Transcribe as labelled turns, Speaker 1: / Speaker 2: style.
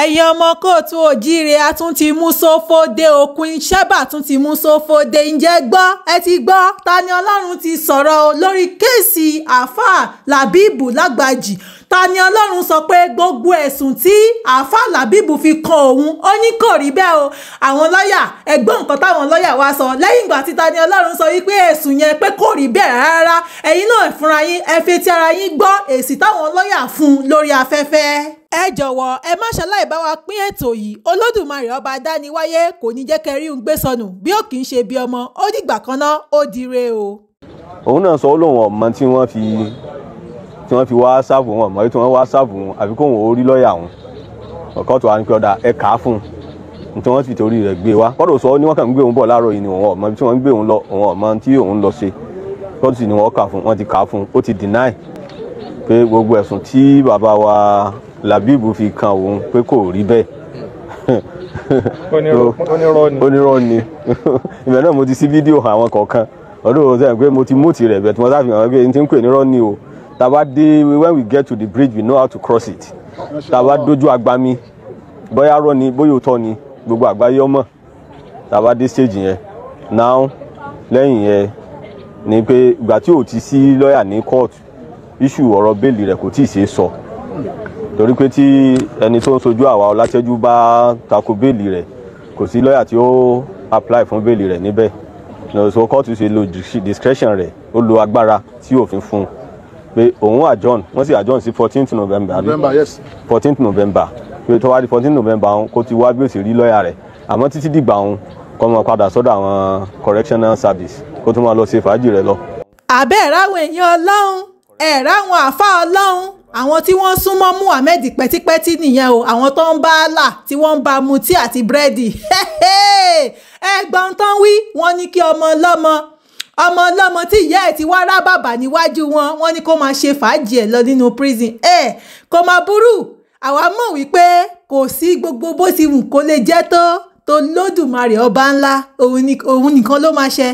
Speaker 1: ẹ̀yin ọmọ kóòtù òjíire a tún ti mú sófo dé òkun ìṣẹ́bà tún ti mú sófo dé ǹjẹ́ gbọ́ ẹ ti gbọ́ Tani Ọlọ́run ti sọ̀rọ̀ lórí kéèsì àáfàá Làbíbù Lágbàjì Tani Ọlọ́run sọ pé gbogbo ẹ̀sùn tí àáfàá Làbíbù fi kan òun ó ní kò rí bẹ́ẹ̀ o àwọn lọ́ọ̀yà ẹgbọ́n nǹkan táwọn lọ́ọ̀yà wa sọ lẹ́yìn ìgbà tí Tani Ọlọ́run sọ wípé ẹ̀sùn yẹn pé kò rí bẹ́ẹ̀ rárá ẹ̀yin náà ti ara yín gbọ́ èsì táwọn lọ́ọ̀yà fún lórí ẹ jọ̀wọ́ ẹ má ṣaláì bá wa pín ètò yìí olódùmarè ọba dániwáyé kò ní jẹ́ kẹrí ń gbé sọnù bí ó kì í ṣe bí ọmọ ó dìgbà kan náà ó dire o.
Speaker 2: òun náà sọ lóun ọmọ tí wọ́n fi tí wọ́n fi wá ṣáàbù wọn ọmọ tí wọ́n wá ṣáàbù wọn àfi kóun ó rí lọ́ọ̀yà wọn ọ̀kọ́tù wa ní pé ọ̀dà ẹ kà á fún un tí wọ́n fi torí rẹ̀ gbé wa kọ́dọ̀ sọ ni wọ́n kàn ń gbé òun bọ̀ láàárọ̀ yìí ni òun ọmọ tí wọ́n ń gbé òun lọ òun ọmọ tí òun lọ ṣe kọ́dọ̀ sì ni wọ́n kà fún wọn ti kà á fún un ó ti deny pé gbogbo ẹ̀sùn tí bàbá wa Labibu fi kan òun pé kò rí bẹ́ẹ̀ onírọ́ ni ìbẹ̀ náà mo ti sí fídíò àwọn kọ̀ọ̀kan ọdún òun sẹ́yìn pé mo ti mú tirẹ̀ bẹ̀ tí mo sáfihàn wọn n ti ń pè nírọ́ ni o tàbá dé when we get to the bridge we know how to cross it tàbá dojú agbami bóyá rọ́ ni bóyá òótọ́ ni gbogbo àgbáyé ọmọ tàbá dé stage yẹn now lẹ́yìn yẹn ni pé ìgbà tí ò ti sí lọ́ọ̀yà ní kóòtù iṣu ọ̀rọ̀ bẹ́ẹ̀lì rẹ̀ kò tí ì ṣeé sọ torí pé tí ẹni tó ń sojú àwa ọlátẹ́jú bá tako bẹ́ẹ̀lì rẹ̀ kò sí lọ́ọ̀yà tí ó apply fún bẹ́ẹ̀lì rẹ̀ níbẹ̀ so kóòtù ṣe lo discretion rẹ̀ ó lo agbára tí òfin fún un pé òun adjourn wọ́n sì adjourn sí fourteenth november november yes fourteenth november pé tó wá di fourteenth november òun kó ti wá bí ó sì rí lọ́ọ̀yà rẹ̀ àmọ́ títí dìgbà òun kọ́ mọ padà sọ́dọ̀ àwọn correctional service kó tún máa lọ ṣe fàájì rẹ̀ lọ.
Speaker 1: àbẹ́ẹ̀ ráwọ̀ èèyàn ọlọ́run ẹ̀rá àwọn àáfàá ọlọ́run àwọn tí wọ́n súnmọ́ Muhammed pẹ́típẹ́tí nìyẹn o àwọn tó ń bá a là tí wọ́n ń ba mutí àti búrẹ́dì ẹgbọ́n tán wí wọ́n ní kí ọmọ ọlọ́mọ ọmọ ọlọ́mọ tí ìyá ẹ̀ ti wá rá bàbà níwájú wọn wọ́n ní kó máa ṣe fàájì ẹ̀ lọ nínú prison ẹ̀ kò máa burú àwa mọ̀ wípé kò sí gbogbo bó ti wù kó lè jẹ́ tó tó lódùmarè ọba ńlá òun nìkan ló máa ṣe.